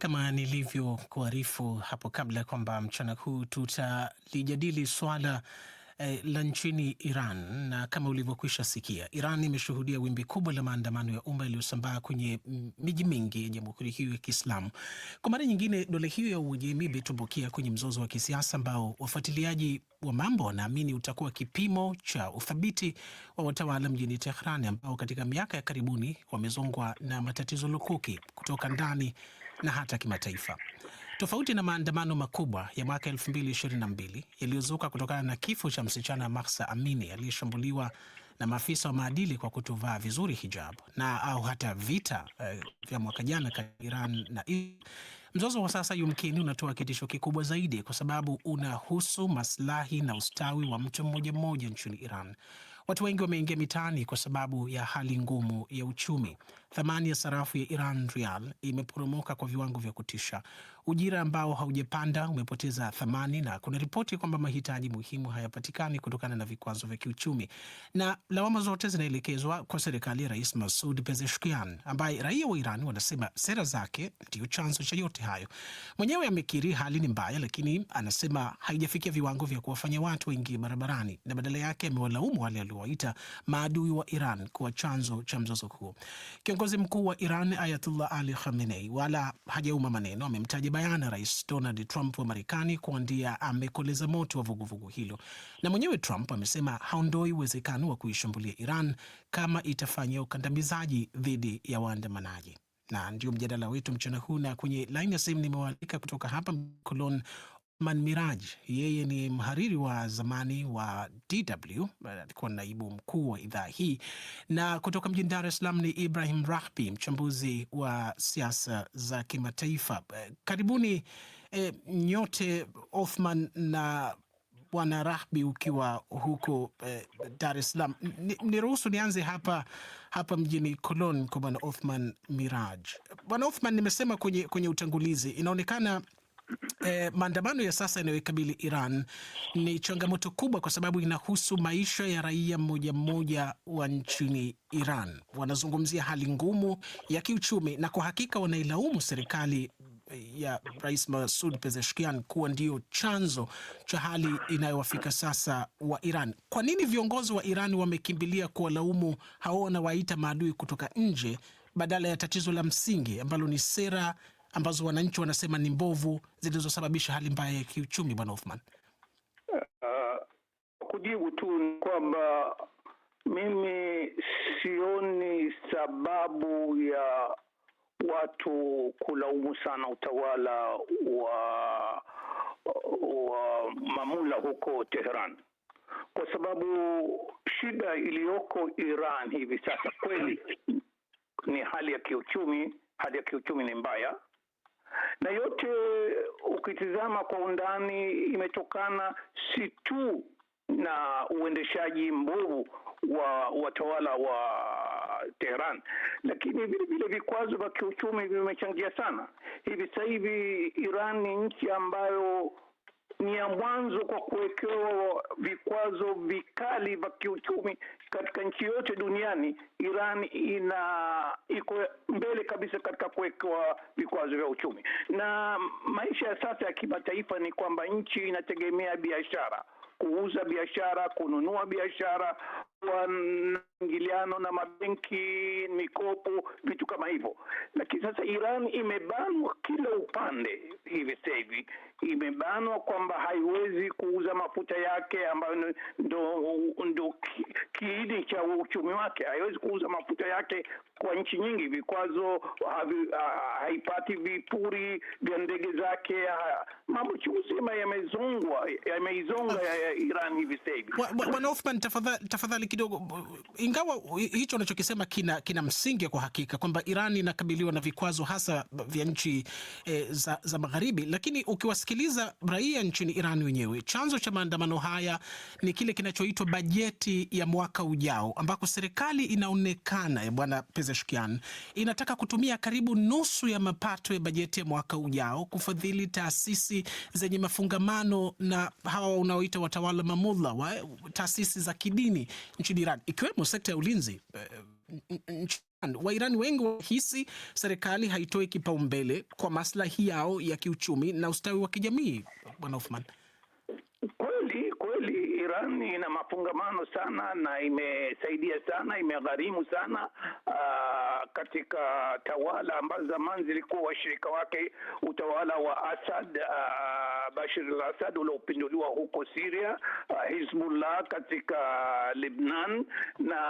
Kama nilivyokuarifu hapo kabla kwamba mchana huu tutalijadili swala eh, la nchini Iran na kama ulivyokwisha sikia, Iran imeshuhudia wimbi kubwa la maandamano ya umma yaliyosambaa kwenye mm, miji mingi ya jamhuri hiyo ya Kiislamu. Kwa mara nyingine, dole hiyo ya Uajemi imetumbukia kwenye mzozo wa kisiasa ambao wafuatiliaji wa mambo wanaamini utakuwa kipimo cha uthabiti wa watawala mjini Tehran ambao katika miaka ya karibuni wamezongwa na matatizo lukuki kutoka ndani na hata kimataifa. Tofauti na maandamano makubwa ya mwaka 2022 yaliyozuka kutokana na kifo cha msichana Mahsa Amini aliyeshambuliwa na maafisa wa maadili kwa kutovaa vizuri hijab na au hata vita uh, vya mwaka jana kati Iran na Mzozo wa sasa yumkini unatoa kitisho kikubwa zaidi kwa sababu unahusu maslahi na ustawi wa mtu mmoja mmoja nchini Iran. Watu wengi wameingia mitaani kwa sababu ya hali ngumu ya uchumi. Thamani ya sarafu ya Iran rial imeporomoka kwa viwango vya kutisha. Ujira ambao haujapanda umepoteza thamani na kuna ripoti kwamba mahitaji muhimu hayapatikani kutokana na vikwazo vya kiuchumi, na lawama zote zinaelekezwa kwa serikali ya Rais Masoud Pezeshkian, ambaye raia wa Iran wanasema sera zake ndiyo chanzo cha yote hayo. Mwenyewe amekiri hali ni mbaya, lakini anasema haijafikia viwango vya kuwafanya watu waingie barabarani, na badala yake amewalaumu wale aliowaita maadui wa Iran kuwa chanzo cha mzozo huo. Kiongozi mkuu wa Iran Ayatullah Ali Khamenei wala hajauma maneno, amemtaja bayana Rais Donald Trump wa Marekani kuwa ndiye amekoleza moto wa vuguvugu hilo, na mwenyewe Trump amesema haondoi uwezekano wa kuishambulia Iran kama itafanya ukandamizaji dhidi ya waandamanaji. Na ndio mjadala wetu mchana huu, na kwenye laini ya simu nimewaalika kutoka hapa Cologne Man Miraj, yeye ni mhariri wa zamani wa DW, alikuwa naibu mkuu wa idhaa hii, na kutoka mjini Dar es Salaam ni Ibrahim Rahbi, mchambuzi wa siasa za kimataifa. Karibuni eh, nyote, Othman na Bwana Rahbi ukiwa huko eh, Dar es Salaam. Niruhusu ni nianze hapa hapa mjini Cologne kwa Bwana Othman Miraj. Bwana Othman, nimesema kwenye, kwenye utangulizi, inaonekana eh, maandamano ya sasa yanayoikabili Iran ni changamoto kubwa, kwa sababu inahusu maisha ya raia mmoja mmoja wa nchini Iran. Wanazungumzia hali ngumu ya kiuchumi na kwa hakika wanailaumu serikali eh, ya Rais Masoud Pezeshkian kuwa ndio chanzo cha hali inayowafika sasa wa Iran. Kwa nini viongozi wa Iran wamekimbilia kuwalaumu hao wanawaita maadui kutoka nje badala ya tatizo la msingi ambalo ni sera ambazo wananchi wanasema ni mbovu zilizosababisha hali mbaya ya kiuchumi, bwana Othman? Uh, kujibu tu ni kwamba mimi sioni sababu ya watu kulaumu sana utawala wa wa mamula huko teheran kwa sababu shida iliyoko Iran hivi sasa kweli ni hali ya kiuchumi. Hali ya kiuchumi ni mbaya, na yote ukitizama kwa undani imetokana si tu na uendeshaji mbovu wa watawala wa Tehran, lakini vile vile vikwazo vya kiuchumi vimechangia sana. Hivi sasa hivi Iran ni nchi ambayo ni ya mwanzo kwa kuwekewa vikwazo vikali vya kiuchumi katika nchi yote duniani. Iran ina iko mbele kabisa katika kuwekewa vikwazo vya uchumi, na maisha ya sasa ya kimataifa ni kwamba nchi inategemea biashara kuuza biashara, kununua biashara, kuwa na mabenki, mikopo, vitu kama hivyo. Lakini sasa Iran imebanwa kila upande hivi sasa hivi imebanwa kwamba haiwezi kuuza mafuta yake ambayo ndo, ndo kiini cha uchumi wake, haiwezi kuuza mafuta yake kwa nchi nyingi. Vikwazo, haipati vipuri vya ndege zake, mambo chuzima yameizonga ya ya Iran hivi sasa hivi. Bwana Hoffman, tafadhali tafadhali kidogo, ingawa hicho unachokisema kina, kina msingi kwa hakika kwamba Iran inakabiliwa na vikwazo hasa vya nchi eh, za, za magharibi, lakini ukiwasikia kuwasikiliza raia nchini Iran wenyewe. Chanzo cha maandamano haya ni kile kinachoitwa bajeti ya mwaka ujao, ambako serikali inaonekana, eh, bwana Pezeshkian, inataka kutumia karibu nusu ya mapato ya bajeti ya mwaka ujao kufadhili taasisi zenye mafungamano na hawa unaoita watawala mamula wa eh, taasisi za kidini nchini Iran, ikiwemo sekta ya ulinzi. Eh, Wairani wengi wahisi serikali haitoi kipaumbele kwa maslahi yao ya kiuchumi na ustawi wa kijamii. Bwana Hoffman, kweli kweli Iran ina mafungamano sana na imesaidia sana, imegharimu sana uh, katika tawala ambazo zamani zilikuwa washirika wake, utawala wa Asad, uh, Bashir al-Assad uliopinduliwa huko Syria, uh, Hizbullah katika Lebanon na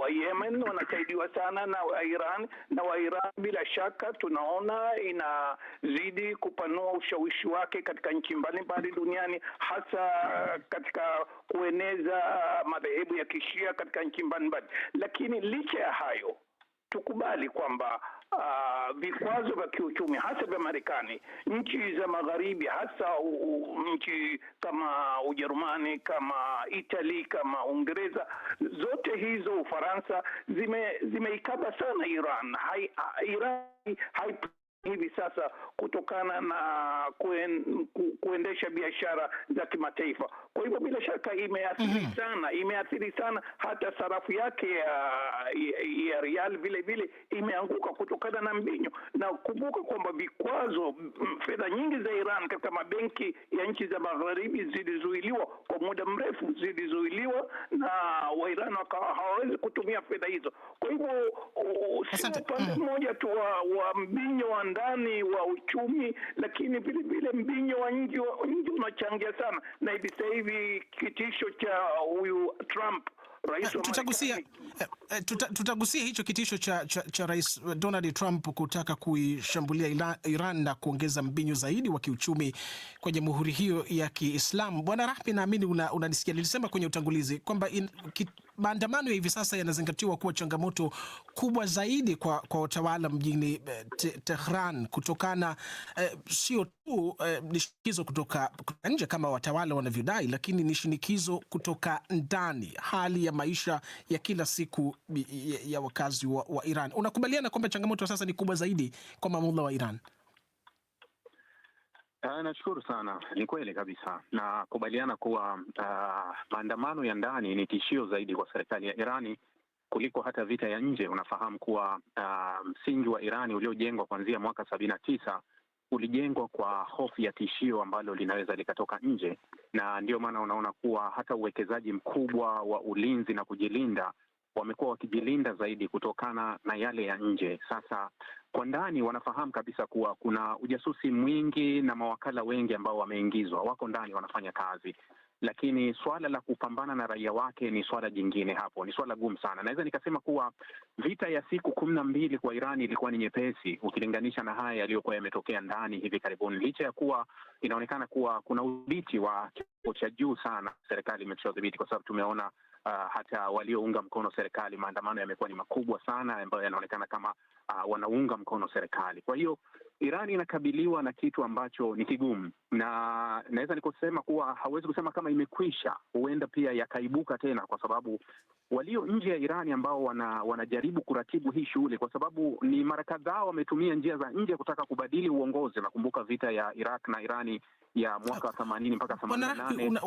wa Yemen wanasaidiwa sana na wa Iran, na wa Iran bila shaka tunaona inazidi kupanua ushawishi wake katika nchi mbalimbali duniani, hasa uh, katika kueneza uh, madhehebu ya Kishia katika nchi mbalimbali, lakini licha ya hayo tukubali kwamba ah, vikwazo vya kiuchumi hasa vya Marekani, nchi za magharibi, hasa nchi kama Ujerumani, kama itali kama Uingereza, zote hizo Ufaransa, zimeikaba zime sana Iran hai, ah, Iran hai hivi sasa kutokana na kuen, ku, kuendesha biashara za kimataifa. Kwa hivyo bila shaka imeathiri mm -hmm. sana, imeathiri sana hata sarafu yake ya, ya rial vile vile imeanguka kutokana na mbinyo, na kumbuka kwamba vikwazo, mm, fedha nyingi za Iran katika mabenki ya nchi za magharibi zilizuiliwa kwa muda mrefu, zilizuiliwa na wakawa hawawezi kutumia fedha hizo. Kwa hivyo si upande mm. mmoja tu wa, wa mbinyo wa ndani wa uchumi, lakini vile vile mbinyo wa nje unachangia sana, na hivi sasa hivi kitisho cha huyu Trump tutagusia eh, tuta, tutagusia hicho kitisho cha, cha, cha Rais Donald Trump kutaka kuishambulia Iran na kuongeza mbinyo zaidi wa kiuchumi kwa jamhuri hiyo ya Kiislamu. Bwana Rahbi, naamini unanisikia, una nilisema kwenye utangulizi kwamba maandamano ya hivi sasa yanazingatiwa kuwa changamoto kubwa zaidi kwa, kwa utawala mjini eh, te, Tehran kutokana eh, sio tu eh, ni shinikizo kutoka nje kama watawala wanavyodai, lakini ni shinikizo kutoka ndani, hali ya maisha ya kila siku ya, ya wakazi wa, wa Iran. Unakubaliana kwamba changamoto sasa ni kubwa zaidi kwa mamlaka wa Iran? Uh, nashukuru sana. Ni kweli kabisa, nakubaliana kuwa uh, maandamano ya ndani ni tishio zaidi kwa serikali ya Irani kuliko hata vita ya nje. Unafahamu kuwa uh, msingi wa Irani uliojengwa kuanzia mwaka sabini na tisa ulijengwa kwa hofu ya tishio ambalo linaweza likatoka nje, na ndio maana unaona kuwa hata uwekezaji mkubwa wa ulinzi na kujilinda wamekuwa wakijilinda zaidi kutokana na yale ya nje. Sasa kwa ndani wanafahamu kabisa kuwa kuna ujasusi mwingi na mawakala wengi ambao wameingizwa, wako ndani wanafanya kazi, lakini swala la kupambana na raia wake ni swala jingine. Hapo ni swala gumu sana. Naweza nikasema kuwa vita ya siku kumi na mbili kwa iran ilikuwa ni nyepesi ukilinganisha na haya yaliyokuwa yametokea ndani hivi karibuni, licha ya kuwa inaonekana kuwa kuna udhibiti wa kiwango cha juu sana serikali imekusha udhibiti, kwa sababu tumeona uh, hata waliounga mkono serikali, maandamano yamekuwa ni makubwa sana, ambayo yanaonekana kama uh, wanaunga mkono serikali. Kwa hiyo Iran inakabiliwa na kitu ambacho ni kigumu, na naweza nikusema kuwa hawezi kusema kama imekwisha. Huenda pia yakaibuka tena, kwa sababu walio nje ya Irani ambao wana, wanajaribu kuratibu hii shughuli, kwa sababu ni mara kadhaa wametumia njia za nje kutaka kubadili uongozi. Nakumbuka vita ya Iraq na Irani ya mwaka themanini mpaka themanini na nane.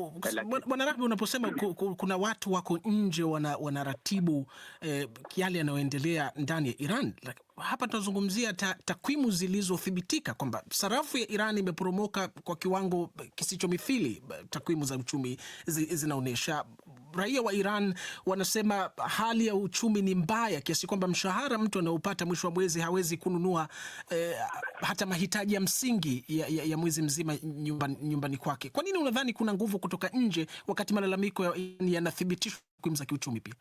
Bwana Rahbi, unaposema kuna watu wako nje wanaratibu eh, yale yanayoendelea ndani ya Iran hapa tunazungumzia takwimu zilizothibitika kwamba sarafu ya Iran imeporomoka kwa kiwango eh, kisicho mithili. Eh, takwimu za uchumi zinaonyesha raia wa Iran wanasema hali ya uchumi ni mbaya kiasi kwamba mshahara mtu anaopata mwisho wa mwezi hawezi kununua eh, hata mahitaji ya msingi ya, ya, ya mwezi mzima nyumbani, nyumba kwake. Kwa nini unadhani kuna nguvu kutoka nje wakati malalamiko yanathibitishwa ya takwimu za kiuchumi pia?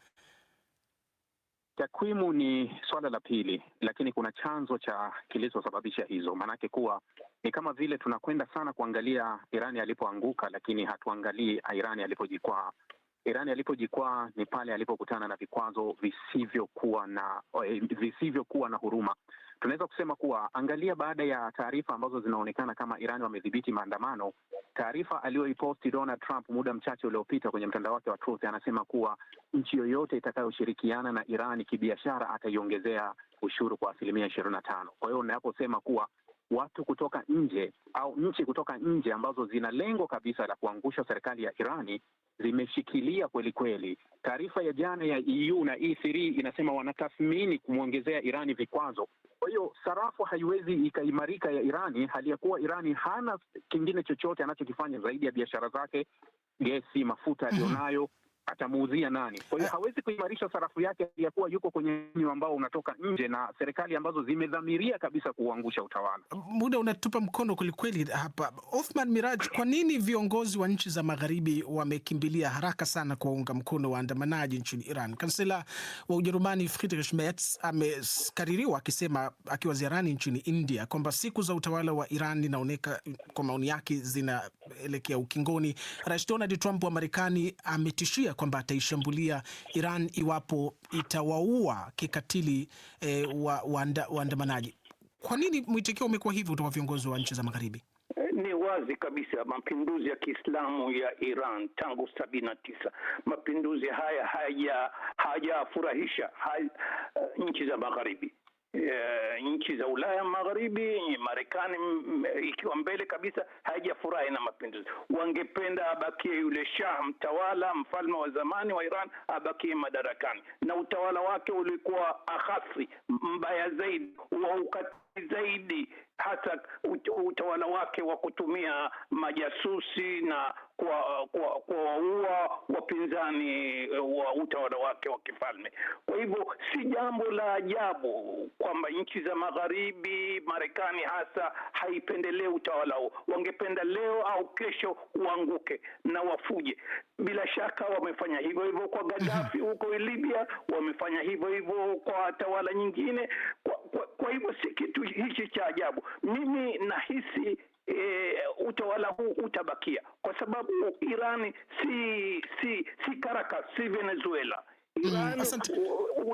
Takwimu ni swala la pili, lakini kuna chanzo cha kilichosababisha hizo, maanake kuwa ni kama vile tunakwenda sana kuangalia Irani alipoanguka, lakini hatuangalii Irani alipojikwaa. Irani alipojikwaa ni pale alipokutana na vikwazo visivyokuwa na eh, visivyokuwa na huruma. Tunaweza kusema kuwa angalia, baada ya taarifa ambazo zinaonekana kama Irani wamedhibiti maandamano, taarifa aliyoiposti Donald Trump muda mchache uliopita kwenye mtandao wake wa Truth, anasema kuwa nchi yoyote itakayoshirikiana na Irani kibiashara ataiongezea ushuru kwa asilimia ishirini na tano. Kwa hiyo unaposema kuwa watu kutoka nje au nchi kutoka nje ambazo zina lengo kabisa la kuangusha serikali ya Irani zimeshikilia kweli kweli. Taarifa ya jana ya EU na E3 inasema wanatathmini kumwongezea Irani vikwazo. Kwa hiyo sarafu haiwezi ikaimarika ya Irani, hali ya kuwa Irani hana kingine chochote anachokifanya zaidi ya biashara zake, gesi, mafuta aliyonayo atamuuzia nani? Kwa hiyo hawezi kuimarisha sarafu yake aliyakuwa yuko kwenye mnyo ambao unatoka nje na serikali ambazo zimedhamiria kabisa kuuangusha utawala. Muda unatupa mkono kwelikweli hapa. Othman Miraj, kwa nini viongozi wa nchi za magharibi wamekimbilia haraka sana kuwaunga mkono waandamanaji nchini Iran? Kansela wa Ujerumani Friedrich Merz amekaririwa akisema akiwa ziarani nchini India kwamba siku za utawala wa Iran inaoneka kwa maoni yake zinaelekea ukingoni. Rais Donald Trump wa Marekani ametishia kwamba ataishambulia Iran iwapo itawaua kikatili e, waandamanaji wa kwa nini mwitikio umekuwa hivyo kutoka viongozi wa nchi za magharibi? Eh, ni wazi kabisa, mapinduzi ya Kiislamu ya Iran tangu sabini na tisa, mapinduzi haya hayajafurahisha haya, eh, nchi za magharibi Eh, nchi za Ulaya Magharibi, Marekani mm, ikiwa mbele kabisa, haijafurahi na mapinduzi. Wangependa abakie yule shah mtawala, mfalme wa zamani wa Iran abakie madarakani, na utawala wake ulikuwa akhasi, mbaya zaidi wa ukatili zaidi, hasa utawala wake wa kutumia majasusi na kuwaua kwa, kwa wapinzani eh, wa utawala wake wa kifalme. Kwa hivyo si jambo la ajabu kwamba nchi za magharibi, Marekani hasa, haipendelee utawala huo. Wangependa leo au kesho uanguke na wafuje. Bila shaka wamefanya hivyo hivyo kwa Gaddafi huko Libya, wamefanya hivyo hivyo kwa tawala nyingine. Kwa, kwa, kwa hivyo si kitu hichi cha ajabu. Mimi nahisi e, utawala huu utabakia kwa sababu Irani si si si Caracas, si Venezuela.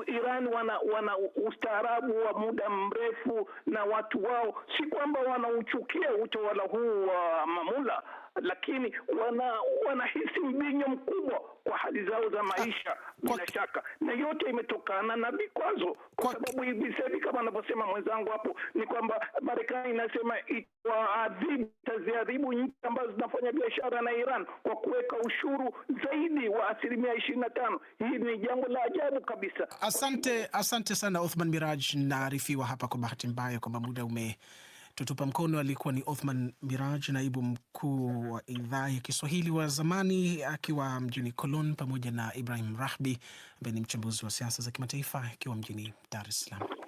iran mm, wana wana ustaarabu wa muda mrefu na watu wao, si kwamba wanauchukia utawala huu wa Mamula, lakini wana wanahisi mbinyo mkubwa kwa hali zao za maisha ah, bila shaka, na yote imetokana na vikwazo, kwa sababu hivi sasa kama anavyosema mwenzangu hapo ni kwamba Marekani inasema itawaadhibu, itaziadhibu nchi ambazo zinafanya biashara na Iran kwa kuweka ushuru zaidi wa asilimia ishirini na tano. Hii ni jambo la ajabu kabisa. Asante, asante sana Othman Miraj. Naarifiwa hapa kwa bahati mbaya kwamba muda ume Tutupa mkono alikuwa ni Othman Miraj, naibu mkuu wa idhaa ya Kiswahili wa zamani akiwa mjini Cologne, pamoja na Ibrahim Rahbi ambaye ni mchambuzi wa siasa za kimataifa akiwa mjini Dar es Salaam.